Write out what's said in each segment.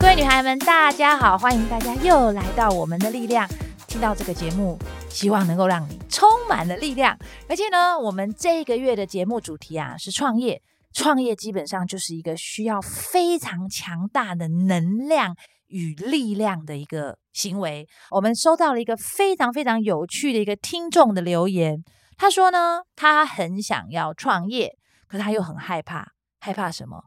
各位女孩們，大家好！歡迎大家又來到我們的力量。聽到這個節目，希望能夠讓你充滿了力量。而且呢，我們這個月的節目主題啊，是創業。創業基本上就是一個需要非常強大的能量。與力量的一個行為，我們收到了一個非常非常有趣的一個聽眾的留言。他說呢，他很想要創業，可是他又很害怕，害怕什麼？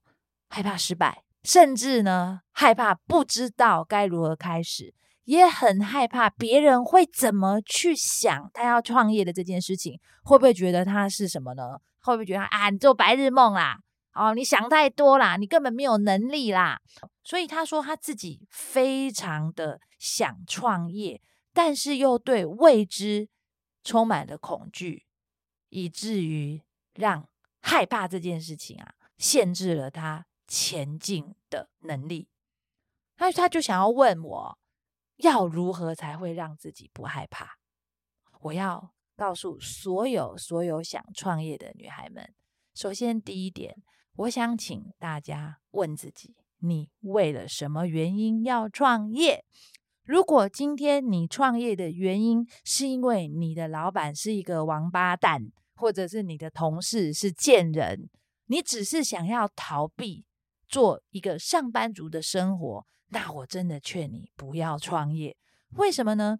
害怕失敗，甚至呢，害怕不知道該如何開始，也很害怕別人會怎麼去想他要創業的這件事情，會不會覺得他是什麼呢？會不會覺得啊，你做白日夢啦？哦，你想太多啦，你根本沒有能力啦。所以他說他自己非常的想創業，但是又對未知充滿了恐懼，以至於讓害怕這件事情啊，限制了他前進的能力。他他就想要問我，要如何才會讓自己不害怕？我要告訴所有所有想創業的女孩們，首先第一點。我想請大家問自己：你為了什麼原因要創業？如果今天你創業的原因是因為你的老板是一個王八蛋，或者是你的同事是賤人，你只是想要逃避做一個上班族的生活，那我真的勸你不要創業。為什麼呢？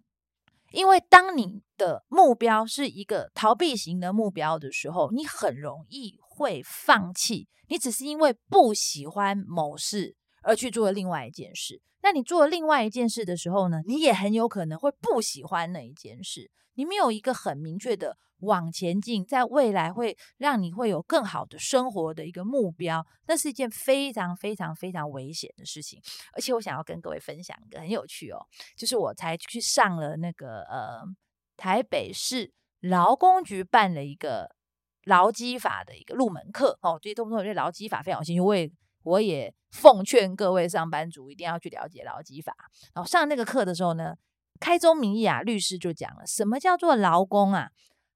因為當你的目標是一個逃避型的目標的時候，你很容易。會放棄，你只是因為不喜歡某事而去做另外一件事。那你做另外一件事的時候呢，你也很有可能會不喜歡那一件事。你沒有一個很明確的往前進，在未來會讓你會有更好的生活的一個目標，那是一件非常非常非常危險的事情。而且我想要跟各位分享一個很有趣哦，就是我才去上了那個呃台北市勞工局辦了一個。勞基法的一個入門課哦，所以通通我對勞基法非常有興趣。我也我也奉勸各位上班族一定要去了解勞基法。哦，上那個課的時候呢，開宗明義啊，律師就講了什麼叫做勞工啊？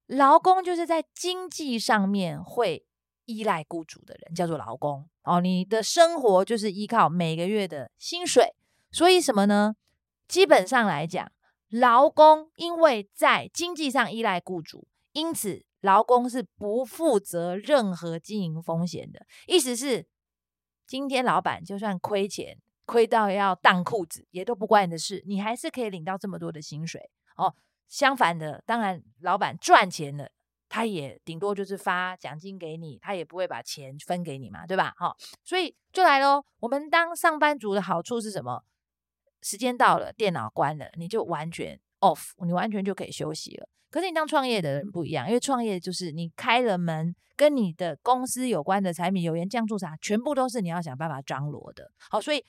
勞工就是在經濟上面會依賴雇主的人，叫做勞工哦。你的生活就是依靠每個月的薪水，所以什麼呢？基本上來講，勞工因為在經濟上依賴雇主，因此。勞工是不負責任何經營風險的，意思是今天老板就算虧錢，虧到要當褲子，也都不關你的事，你還是可以領到這麼多的薪水哦。相反的，當然老板賺錢了，他也頂多就是發獎金給你，他也不會把錢分給你嘛，對吧？哦，所以就來咯。我們當上班族的好處是什麼？時間到了，電腦關了，你就完全 off，你完全就可以休息了。可是你當創業的人不一樣，因為創業就是你開了門，跟你的公司有關的柴米油鹽醬醋茶，全部都是你要想辦法張羅的。好，所以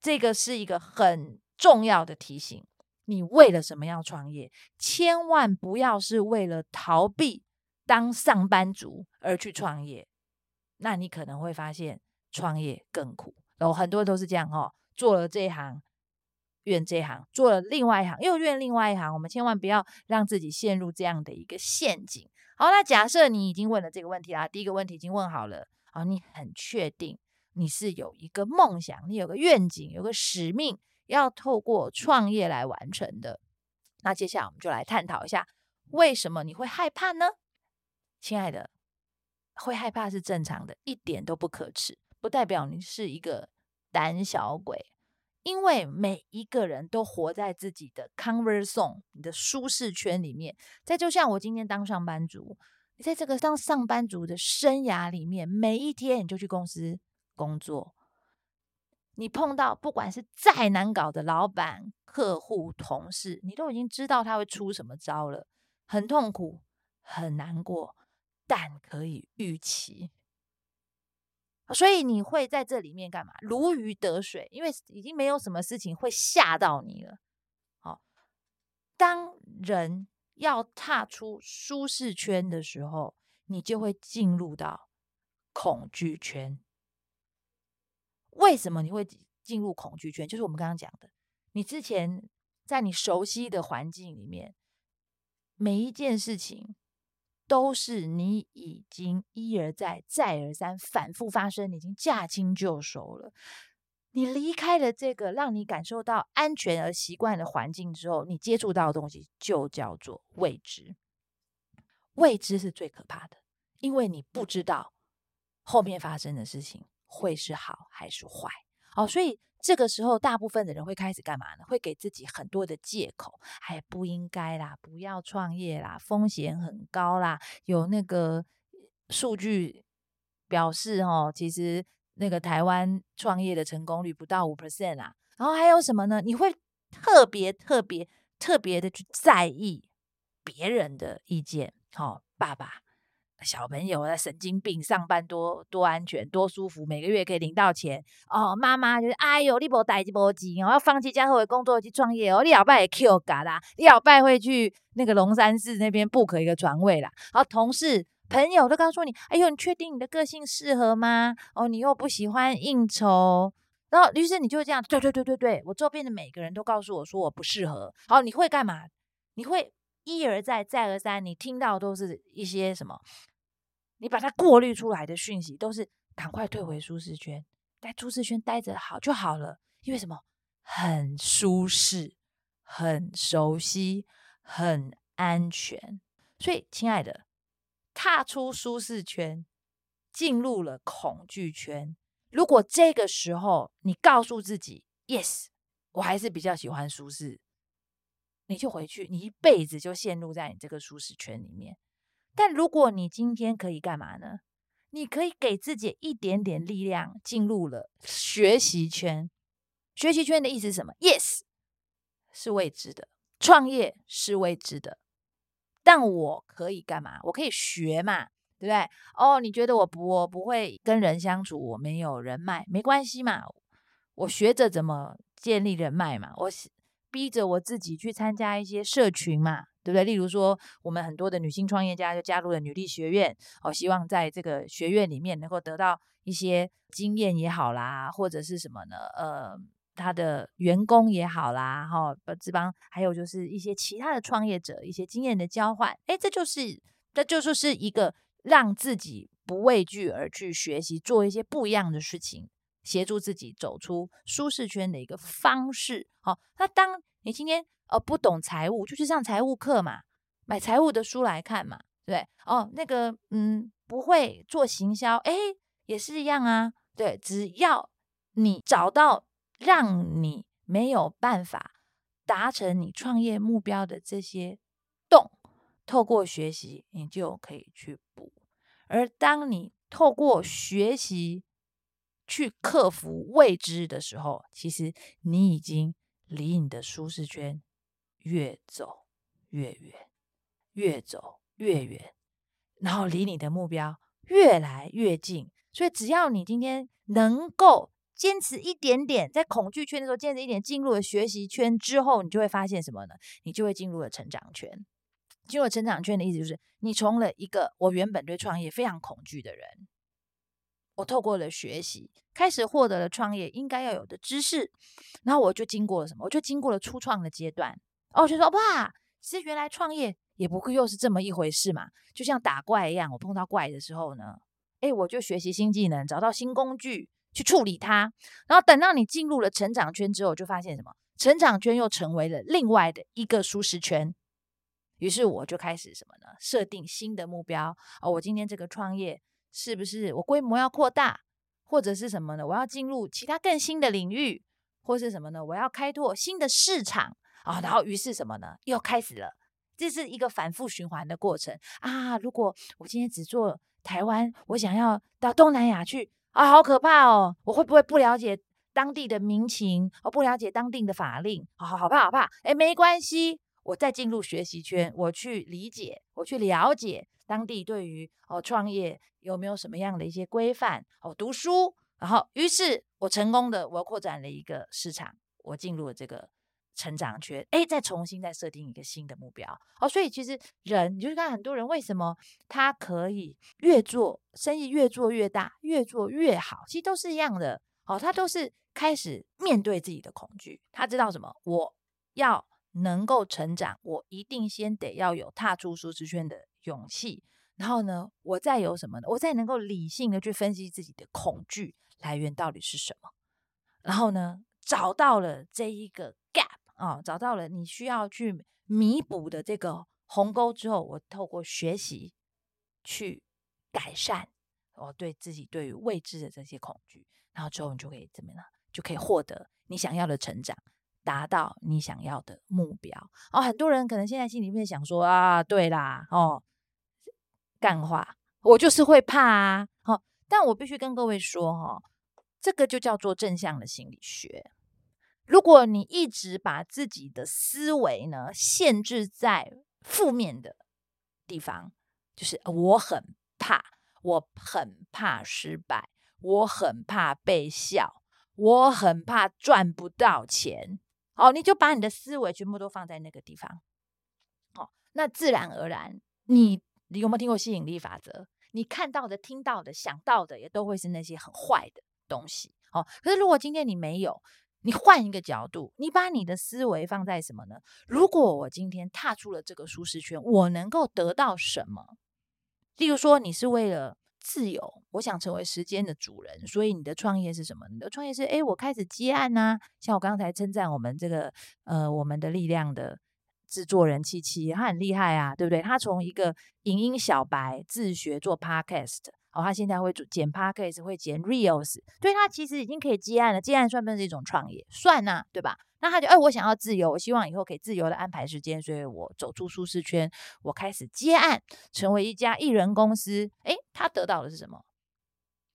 這個是一個很重要的提醒。你為了什麼要創業？千萬不要是為了逃避當上班族而去創業，那你可能會發現創業更苦。有、哦、很多人都是這樣哦，做了這一行。怨這一行，做了另外一行又怨另外一行。我們千萬不要讓自己陷入這樣的一個陷阱。好，那假設你已經問了這個問題啦，第一個問題已經問好了，好，你很確定你是有一個夢想，你有個願景，有個使命，要透過創業來完成的。那接下來我們就來探討一下，為什麼你會害怕呢？親愛的，會害怕是正常的，一點都不可恥，不代表你是一個膽小鬼。因為每一個人都活在自己的 comfort zone，你的舒適圈裡面。再就像我今天當上班族，你在這個當上班族的生涯裡面，每一天你就去公司工作，你碰到不管是再難搞的老闆、客戶、同事，你都已經知道他會出什麼招了，很痛苦，很難過，但可以預期。所以你會在這裡面幹嘛？如魚得水，因為已經沒有什麼事情會嚇到你了。好，當人要踏出舒適圈的時候，你就會進入到恐懼圈。為什麼你會進入恐懼圈？就是我們剛剛講的，你之前在你熟悉的環境裡面，每一件事情。都是你已經一而再、再而三、反覆發生，你已經駕輕就熟了。你離開了這個讓你感受到安全而習慣的環境之後，你接觸到的東西就叫做未知。未知是最可怕的，因為你不知道後面發生的事情會是好還是壞。哦，所以。這個時候，大部分的人會開始幹嘛呢？會給自己很多的借口，哎，不應該啦，不要創業啦，風險很高啦，有那個數據表示哦，其實那個台灣創業的成功率不到五 percent 啦。然後還有什麼呢？你會特別特別特別的去在意別人的意見，好、哦，爸爸。小朋友啊，神經病！上班多多安全，多舒服，每個月可以領到錢哦。媽媽就是，哎呦，你不逮雞不雞，我要放棄家後的工作去創業哦。你老爸也 Q 嘎啦，你老爸會去那個龍山寺那邊 book 一個床位啦。好，同事朋友都告訴你，哎呦，你確定你的個性適合嗎？哦，你又不喜歡應酬。然後於是你就這樣，對對對對對，我周邊的每個人都告訴我說我不適合。好，你會幹嘛？你會？一而再，再而三，你聽到都是一些什麼？你把它過濾出來的訊息，都是趕快退回舒適圈，在舒適圈待着好就好了。因為什麼？很舒適，很熟悉，很安全。所以，親愛的，踏出舒適圈，進入了恐懼圈。如果這個時候你告訴自己：“Yes，我還是比較喜歡舒適。”你就回去，你一輩子就陷入在你這個舒適圈裡面。但如果你今天可以幹嘛呢？你可以給自己一點點力量，進入了學習圈。學習圈的意思是什麼？Yes，是未知的。創業是未知的。但我可以幹嘛？我可以學嘛，對不對？哦，你覺得我不我不會跟人相處，我沒有人脈，沒關係嘛。我學着怎麼建立人脈嘛。我。逼着我自己去參加一些社群嘛，對不對？例如說，我們很多的女性創業家就加入了女力學院，哦，希望在這個學院裡面能夠得到一些經驗也好啦，或者是什麼呢？呃，他的員工也好啦，哈、哦，這幫還有就是一些其他的創業者，一些經驗的交換。誒，這就是，這就說是一個讓自己不畏懼而去學習，做一些不一樣的事情。協助自己走出舒適圈的一個方式。好，哦，那當你今天呃不懂財務，就去上財務課嘛，買財務的書來看嘛，對哦，那個嗯不會做行銷，誒也是一樣啊，對，只要你找到讓你沒有辦法達成你創業目標的這些洞，透過學習，你就可以去補。而當你透過學習，去克服未知的時候，其實你已經離你的舒適圈越走越遠，越走越遠，然後離你的目標越來越近。所以，只要你今天能夠堅持一點點，在恐懼圈的時候堅持一點，進入了學習圈之後，你就會發現什麼呢？你就會進入了成長圈。進入了成長圈的意思就是，你從了一個我原本對創業非常恐懼的人。我透過了學習，開始獲得了創業應該要有的知識，然後我就經過了什麼？我就經過了初創的階段，哦，我就說哇，其實原來創業也不過又是這麼一回事嘛，就像打怪一樣，我碰到怪的時候呢，誒，我就學習新技能，找到新工具去處理它，然後等到你進入了成長圈之後，就發現什麼？成長圈又成為了另外的一個舒適圈，於是我就開始什麼呢？設定新的目標哦，我今天這個創業。是不是我規模要擴大，或者是什麼呢？我要進入其他更新的領域，或是什麼呢？我要開拓新的市場啊、哦！然後於是什麼呢？又開始了，這是一個反覆循環的過程啊！如果我今天只做台灣，我想要到東南亞去啊、哦，好可怕哦！我會不會不了解當地的民情，我、哦、不了解當地的法令，好、哦、好，好怕，好怕！哎，沒關係。我再進入學習圈，我去理解，我去了解當地對於哦創業有沒有什麼樣的一些規範哦讀書，然後於是我成功的，我擴展了一個市場，我進入了這個成長圈，誒，再重新再設定一個新的目標哦，所以其實人，你就是看很多人為什麼他可以越做生意越做越大，越做越好，其實都是一樣的哦，他都是開始面對自己的恐懼，他知道什麼，我要。能夠成長，我一定先得要有踏出舒適圈的勇氣，然後呢，我再有什麼呢？我再能夠理性的去分析自己的恐懼來源到底是什麼，然後呢，找到了這一個 gap 啊、哦，找到了你需要去彌補的這個鴻溝之後，我透過學習去改善我、哦、對自己對於未知的這些恐懼，然後之後你就可以怎麼樣？就可以獲得你想要的成長。達到你想要的目標哦，很多人可能現在心裡面想說啊，對啦哦，幹話，我就是會怕啊，好，哦，但我必須跟各位說哦，這個就叫做正向的心理學。如果你一直把自己的思維呢限制在負面的地方，就是我很怕，我很怕失敗，我很怕被笑，我很怕賺不到錢。哦，你就把你的思維全部都放在那個地方，哦，那自然而然，你你有沒有聽過吸引力法則？你看到的、聽到的、想到的，也都會是那些很壞的東西。哦，可是如果今天你沒有，你換一個角度，你把你的思維放在什麼呢？如果我今天踏出了這個舒適圈，我能夠得到什麼？例如說，你是為了，自由，我想成為時間的主人。所以你的創業是什麼？你的創業是哎，我開始接案啊。像我剛才稱讚我們這個呃我們的力量的制作人七七，他很厲害啊，對不對？他從一個影音小白自學做 podcast，好，哦，他現在會剪 podcast，會剪 reels，所以他其實已經可以接案了。接案算不算是一種創業？算啊，對吧？那他就哎，我想要自由，我希望以後可以自由的安排時間，所以我走出舒適圈，我開始接案，成為一家藝人公司，哎。他得到的是什麼？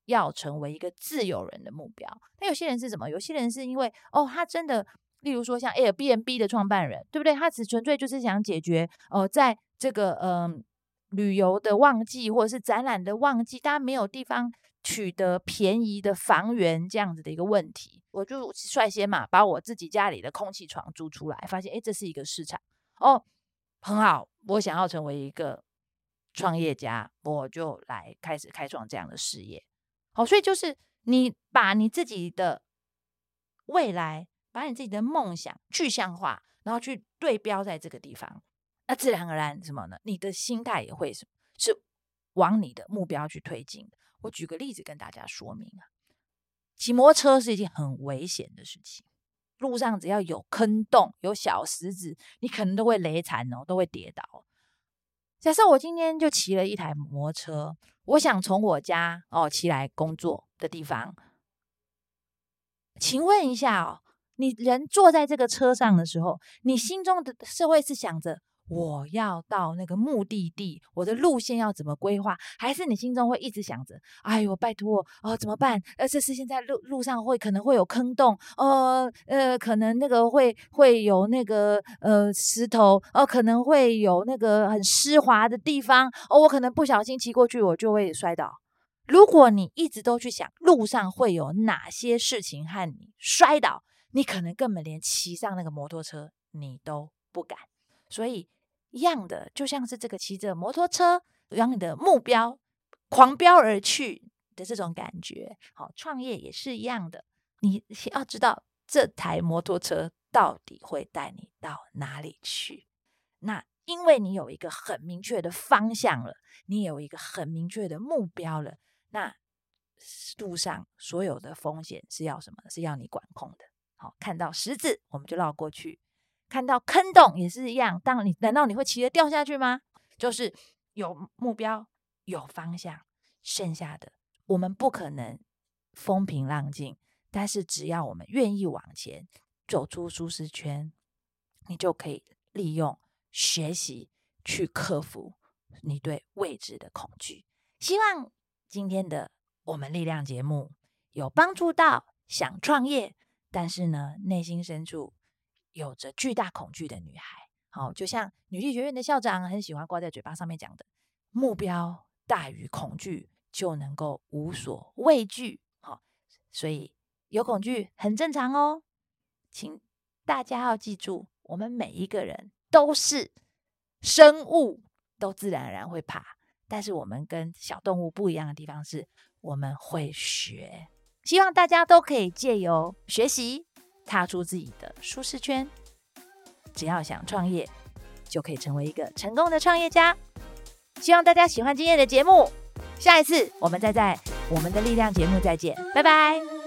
要成為一個自由人的目標。那有些人是什麼？有些人是因為哦，他真的，例如說像 Airbnb 的創辦人，對不對？他只純粹就是想解決哦，在這個嗯、呃、旅遊的旺季或者是展覽的旺季，大家沒有地方取得便宜的房源這樣子的一個問題。我就率先嘛，把我自己家裡的空氣床租出來，發現哎，這是一個市場哦，很好。我想要成為一個創業家，我就來開始開創這樣的事業。好，所以就是你把你自己的未來，把你自己的夢想具象化，然後去對標在這個地方，那自然而然什麼呢？你的心態也會是往你的目標去推進的。我舉個例子跟大家說明啊，騎摩托車是一件很危險的事情，路上只要有坑洞、有小石子，你可能都會雷殘哦，都會跌倒。假設我今天就騎了一台摩托車，我想從我家哦騎來工作的地方，請問一下哦，你人坐在這個車上的時候，你心中的社會是想着？我要到那個目的地，我的路線要怎麼規劃？還是你心中會一直想着，哎呦，拜託我，哦，怎麼辦？呃，這是現在路路上會可能會有坑洞，呃呃，可能那個會會有那個呃石頭，哦、呃，可能會有那個很濕滑的地方，哦，我可能不小心騎過去，我就會摔倒。如果你一直都去想路上會有哪些事情害你摔倒，你可能根本連騎上那個摩托車你都不敢。所以。一樣的，就像是這個騎着摩托車讓你的目標狂飆而去的這種感覺。好，創業也是一樣的，你要知道這台摩托車到底會帶你到哪裡去。那因為你有一個很明確的方向了，你有一個很明確的目標了，那路上所有的風險是要什麼？是要你管控的。好，看到十字，我們就繞過去。看到坑洞也是一樣，當你，難道你會騎着掉下去嗎？就是有目標、有方向，剩下的我們不可能風平浪靜。但是只要我們願意往前走出舒適圈，你就可以利用學習去克服你對未知的恐懼。希望今天的我們力量節目有幫助到想創業，但是呢，內心深處。有着巨大恐懼的女孩，好，就像女力學院的校長很喜歡掛在嘴巴上面講的，目標大於恐懼就能夠無所畏懼。好，所以有恐懼很正常哦，請大家要記住，我們每一個人都是生物，都自然而然會怕。但是我們跟小動物不一樣的地方是，我們會學。希望大家都可以借由學習。踏出自己的舒適圈，只要想創業，就可以成為一個成功的創業家。希望大家喜歡今天的節目，下一次我們再在在我們的力量節目再見，拜拜。